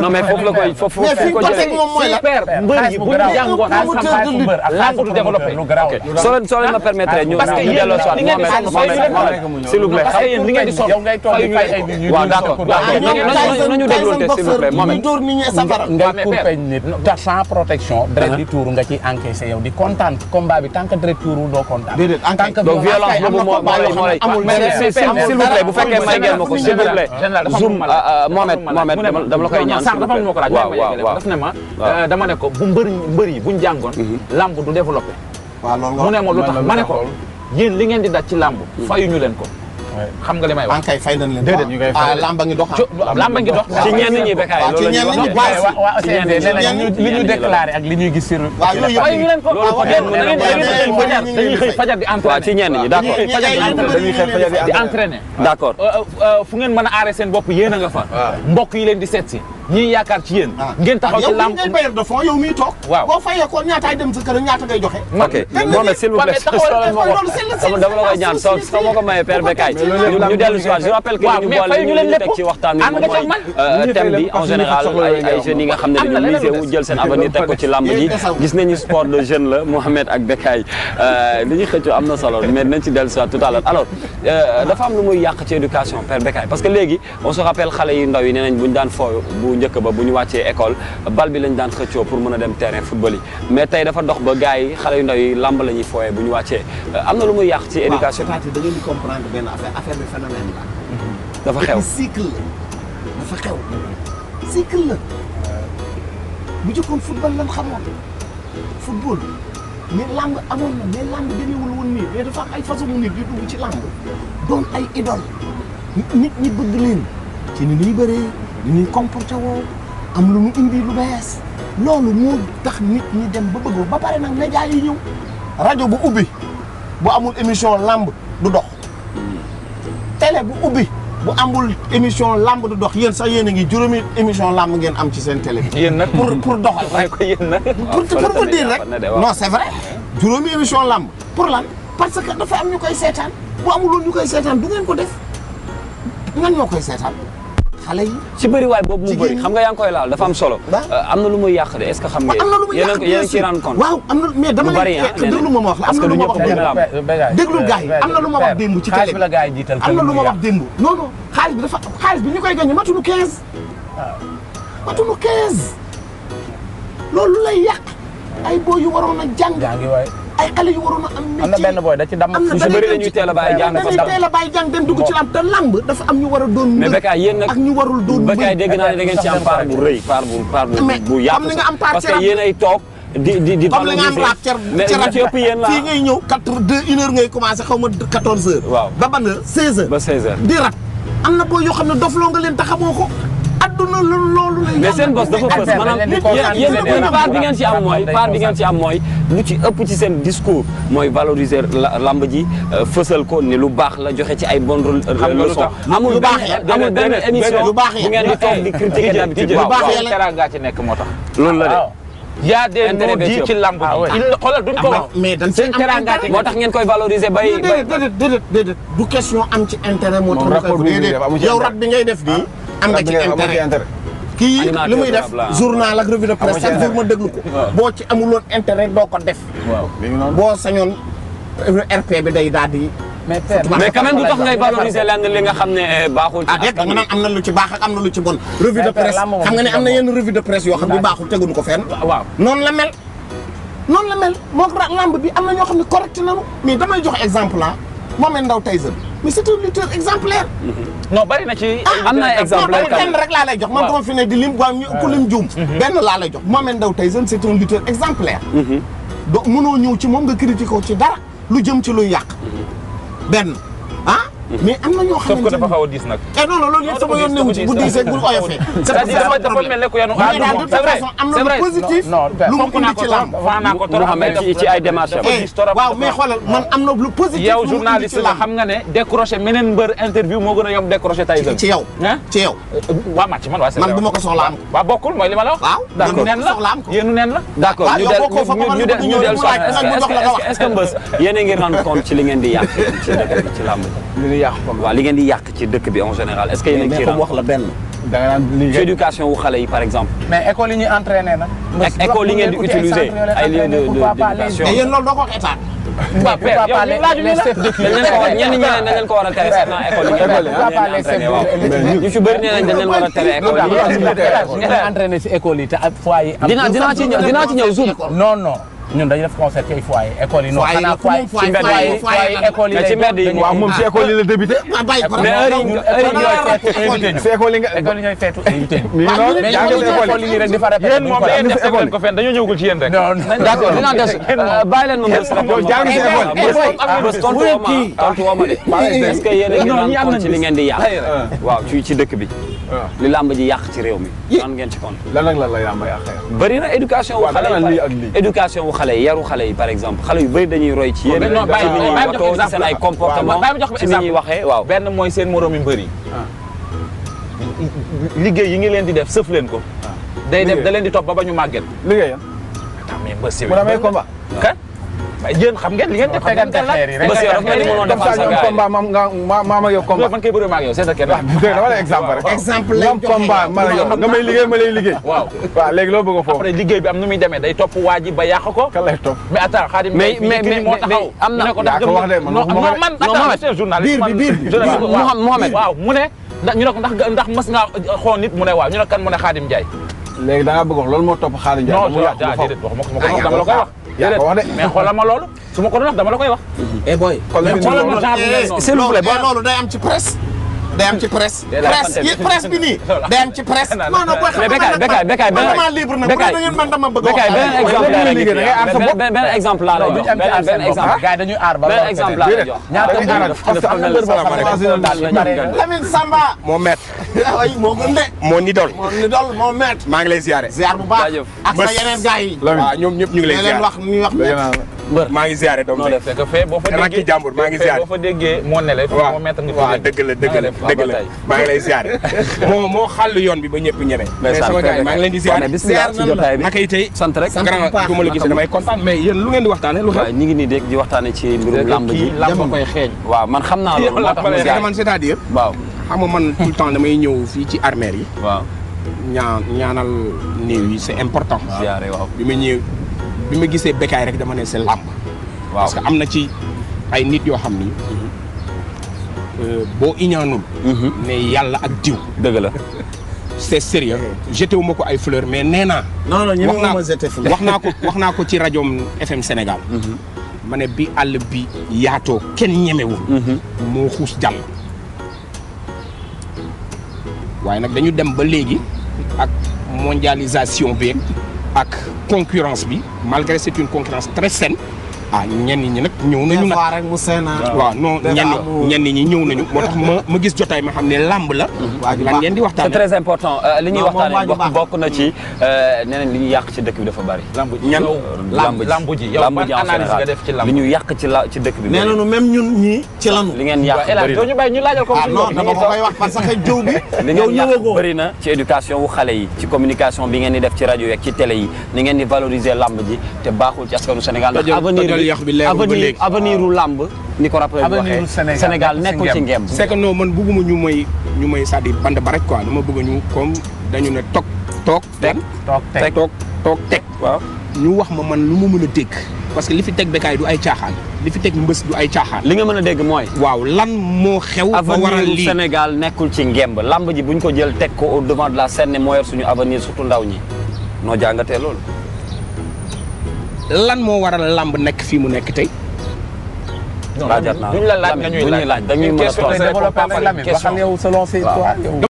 non mais foofu la koy foofu ko jëlee si père mbër yi bu ñu jàngoon làmb du développé soo leen soo leen ma permettre ñu ñu delloo soit Mohamed s'il vous plaît xam ngeen li ngeen di sonn waaw d'accord nañu dégloonte s'il vous plaît Mohamed nga coupé nit ta sans protection dret di tuuru nga ciy encaissé yow di kontaan combat bi tant que dret tuuru doo kontaan tant que donc violence boobu moo moo lay amul s'il vous plaît bu fekkee may ngeen ma ko s'il vous plaît zoom Mohamed Mohamed dama la koy ñaan sànq dafa am ñoo ko laaj waaw ne ma euh, dama ne ko bu mbër mbër yi buñ jàngoon mhm. lamb du développé mu ne ma lu tax ma ne ko yéen li ngeen di daj ci lamb mhm. fayuñu leen ko xam nga li may wax. maa ngi koy fay nañ leen. déedéet ñu lamba ngi dox lamba ngi dox. ci ñenn ñi békaay loolu la ñu wax li ak li ñuy gis sur. waaw yooyu yëpp ñu leen ko dañuy xëy fajar di entraîné. d' accord di entraîné. fu ngeen mën a aaree seen bopp yéen a nga fa. mbokk yi leen di seet si ñii yaakaar ci yéen. Ah. ngeen taxaw ah, ci lamb yow ngay bailleur de fonds yow miy toog. waaw boo fayee ko ñaataay dem sa kër ñaata ngay joxe. ok moom nag ma ko ñu dellu si waat je rappelle que ñu boole ñu euh, ñu en général ay ay jeunes xam ne dañu misé wu jël seen avenir ci lamb ji gis nañu sport de jeune la Mohamed ak Bekaay euh, li ñuy xëccoo am na solo mais nañ ci dellu si waat tout à l'heure alors euh, dafa am lu muy yàq ci éducation père Bekaay parce que léegi on se rappelle xale yu ndaw yi nee nañ daan fooyu njëkk ba bu ñu wàccee école bal bi lañ daan xëccoo pour mën a dem terrain football yi mais tey dafa dox ba gars yi xale yu ndaw yi lamb la ñuy fooyee bu ñu wàccee euh, am na lu muy yàq ci éducation da ngeen di comprendre benn affaire affaire bi phénomène la mm-hmm. dafa xew cycle la dafa xew cycle la bu jëkkoon football lan xamoon football mais làmb amoon na mais làmb demeewul woon nii mais dafa ay façon nit di dugg ci làmb doon ay idole nit ñi bëgg leen ci ni ñuy bëree li ñuy comporté woo am lu mu indi lu bees loolu moo tax nit ñi dem ba bëgg ba pare nag média yi ñëw rajo bu ubbi bu amul émission làmb du dox télé bu ubbi bu amul émission làmb du dox yéen sax yéen a ngi juróomi émission làmb ngeen am ci seen tele yéen nag pour pour doxal. waaye ko yéen nag. làmb pour lan parce que dafa am ñu koy seetaan bu amul woon ñu koy seetaan du ngeen ko def ñan ñoo koy seetaan. xale yi ci boobu mu bëri xam nga yaa koy laal dafa am solo euh, am na lu muy yàq de est-ce xam nga yéen a ci rendre compte waaw am na mais dama lay déglu ma ma wax la am na lu ma wax démb déglu gars yi am na lu ma wax démb ci télé am na lu ma wax démb non non xaalis bi dafa xaalis bi ñu koy gagné matuñu 15 matuñu loolu lay yàq ay boo yu waroon ay xale yu waroon a am métier am na benn booy da ci damm su bëri la ñuy teel a bàyyi a bàyyi jàng dem dugg ci lamb te lamb dafa am ñu war a doon mbër ak ñu warul doon mbër Bécaye naa ne ci am part bu rëy part bu part bu yaatu parce que cer cer commencé xaw ma quatorze am na booy yoo xam ne dof loo nga leen taxamoo ko adduna loolu la. mais seen bos dafa fës maanaam yéen yéen part bi ngeen ci am mooy part bi ngeen ci ëpp ci seen discours mooy valoriser lamb ji euh, fësal ko ni lu baax la joxe ci ay bonne leçon. amul lu baax yàlla amul benn émission bu ngeen di toog di critiquer d'habitude waaw waaw teraanga ci nekk moo tax. loolu la de. Ah, y a des non ci lamb ah, ah, mais dañ seen teraanga moo tax ngeen koy valoriser bay. déedéet déedéet déedéet du question am ci intérêt moo tax. yow rat bi ngay def bi am nga ci intérêt kii li muy def journal ak revue de presse chaque jour ma déglu boo ci amuloon intérêt doo ko def boo sañoon RP bi day daal di mais quand même du tax ngay valoriser lenn li nga xam ne eh, baaxul ah am na lu ci baax am na lu ci bon revue de presse xam nga ne am na yenn revue de presse yoo xam ne baaxul teguñu ko fenn waaw noonu la mel noonu la mel moo lamb bi am na ñoo xam ne correct nañu mais damay jox exemple ah moomee ndaw Tyson mais c'est un lutteur exemplaire. Mm-hmm. non bari na ci. Ah, am na ay exemplaires benn rek laa lay jox man dama fi ne di lim waa ñu ku lim juum. Mm-hmm. Mm-hmm. benn laa lay jox daw Ndao Tyson c'est un lutteur exemplaire. do noo ñëw ci moom nga critiqué ko ci dara lu jëm ci luy yàq. benn. mais am na ñoo xam ne dafa xaw a diis nag. Eh non non loolu yëpp sama yoon newu ci bu diisee bu oyofee. c'est-à-dire dafa mel ne ku yanu aaduma mais daal de toute façon am na lu positif. lu mu indi ci làmb Mouhamed ci ay démarches am. waaw mais xoolal man am na lu positif. yow journaliste la xam nga ne décroché meneen mbër interview moo gën a yomb décroché Tyson. ci yow ci yow. Euh, waa match man waa man bu ma ko soxla am. waaw bokkul mooy li ma la wax. waaw d'accord yéenu neen la. d'accord ñu del ñu del est-ce que mbës yéen a ngi rendre compte ci li ngeen di yàq ci dëkk bi ci làmb yàq kon li ngeen di yàq ci dëkk bi en général est-ce que yéen a ngi ci wax la benn da éducation wu xale yi par exemple mais yi ñuy entraîné nag a ñun dañu def concert ci ay foyer école yi. foyer la comme foyer foyer école yi ci mbedd yi waaw moom ci école yi la débuté. bàyyi ko mais heure yi heure yi école yi nga école yi ñooy feetu invité ñu. mais école yi rek di fa répété. yéen moom yéen def ngeen ko fenn dañoo ñëwagul ci yéen rek. non d' accord dinaa des bàyyi leen moom des. jàng si école. tontu woo ma de. est ce que yéen a ngi naan ci li ngeen di yàq waaw ci dëkk bi. li làmb ji yàq ci réew mi. man ngeen ci kon lan ak la yàmb yàq na éducation wu xale yi xale yaru xale yi par exemple xale yu bari dañuy roy ci yéen ci ni ñuy seen ay comportement ci ni ñuy waxee waaw benn mooy seen moroom yu liggéey yi ngi leen di def sëf leen ko ah. day def da leen di topp ba ba ñu màgget liggéey ya mais mbës yi mu amee combat yéen xam ngeen li ngeen di fekkante la bés yow dafa mel ni mënoon defar sa gars yi combat maam nga maam ak yow combat man kay bëri maag yow c'est kenn dama la exemple rek exemple lañ joxe combat ma la yow nga may liggéey ma lay liggéey waaw waaw léegi loo bëgg a foofu après liggéey bi am nu muy demee day topp waa ji ba yàq ko kan lay topp mais attends Khadim mais mais mais moo taxaw am na ko tax non man attends journaliste biir bi biir Mohamed waaw mu ne ñu ne ko ndax ndax mas nga xool nit mu ne waaw ñu ne kan mu ne Khadim Ndiaye léegi da nga bëgg wax loolu moo topp Khadim Ndiaye non déedéet wax ma ko dama la koy wax yaa ko wax de mais xoolal ma loolu su ma ko doon wax dama la koy wax. eh boy. xoolal ma loolu eh, s'il vous plaît eh, loolu day am ci presse. day ci presse. presse presse bi nii day am ci presse. non non booy xam man dama bëgg a wax. benn exemple ah? ba exemple laa lay jox. ñaata ah, mbir Lamine Samba. moo met. ay ah, moo gënde. moo nidol moo maa ngi lay ziare. ak sa yeneen gars yi. waaw ñoom ñëpp ñu ngi lay ziare. ñu leen wax ñu mbër maa ngi ziare doom bi fekk fee boo fa déggee jàmbur maa ngi moo ne la waaw moo mettre lay ziare moo moo yoon bi ba ñëpp ñeme mais sama gars yi maa ngi leen di ziare na la naka tey sant rek grand du ma la gis damay kontaan mais yéen lu ngeen di waxtaane lu xew waaw man ma ziare man cest temps damay ñëw fii ci armère yi waaw ñaanal néew yi c'est important bi ma ñëw bi ma gisee Bécaye rek dama ne c'est am waaw que am na ci ay nit yoo xam ni euh, boo iñaanul mhm. ne yàlla ak diw dëgg la c'est sérieux jeté ko ay fleur mais nee naa non non ñeme wax naa ko wax naa ko ci rajoom FM Sénégal mhm. ma ne bi àll bi yaatoo kenn ñemewul mhm. moo xuus jàll waaye nag dañu dem ba léegi ak mondialisation bi ak concurrence bi malgré c'est une concurrence très saine ah ñenn ñi nag ñëw nañu nag rek mu seena waaw non ñenn ñenn ñi ñëw nañu moo tax ma ma gis jotaay ma xam ne làmb la lan mhm. ngeen di waxtaane c'est très important euh, li ñuy waxtaane bokk na ci euh, nee nañ li ñu yàq ci dëkk bi dafa bari ñan làmb ji yow ban analyse nga def ci làmb li ñu yàq ci la ci dëkk bi nee nañu même ñun ñi ci lanu li ngeen yàq bari na ñu bàyyi ñu laajal ko ah, non dama ko koy wax parce que jëw bi li ngeen yàq bari na ci éducation wu xale yi ci communication bi ngeen di def ci rajo yeeg ci télé yi ni ngeen di valoriser làmb ji te baaxul ci askanu Sénégal avenir avenir u làmb ni ko rappelé waxee Sénégal nekkul ci ngemb c'est que non man bëgguma ñu may ñu may c'est-à-dire band ba rek quoi dama bëgg ñu comme dañu ne toog toog teg toog toog toog teg waaw ñu wax ma man lu ma mën a dégg parce que li fi teg Bécaye du ay caaxaan li fi teg mbës du ay caaxaan li nga mën a dégg mooy waaw lan moo xew a waral lii Sénégal nekkul ci ngemb làmb ji bu buñ ko jël teg ko au devant de la scène ne moo yor suñu avenir surtout ndaw ñi noo jàngatee loolu lan moo waral làmb nekk fii mu nekk tey. laajat naa duñ la laaj nañuy laaj dañuy mën a toog question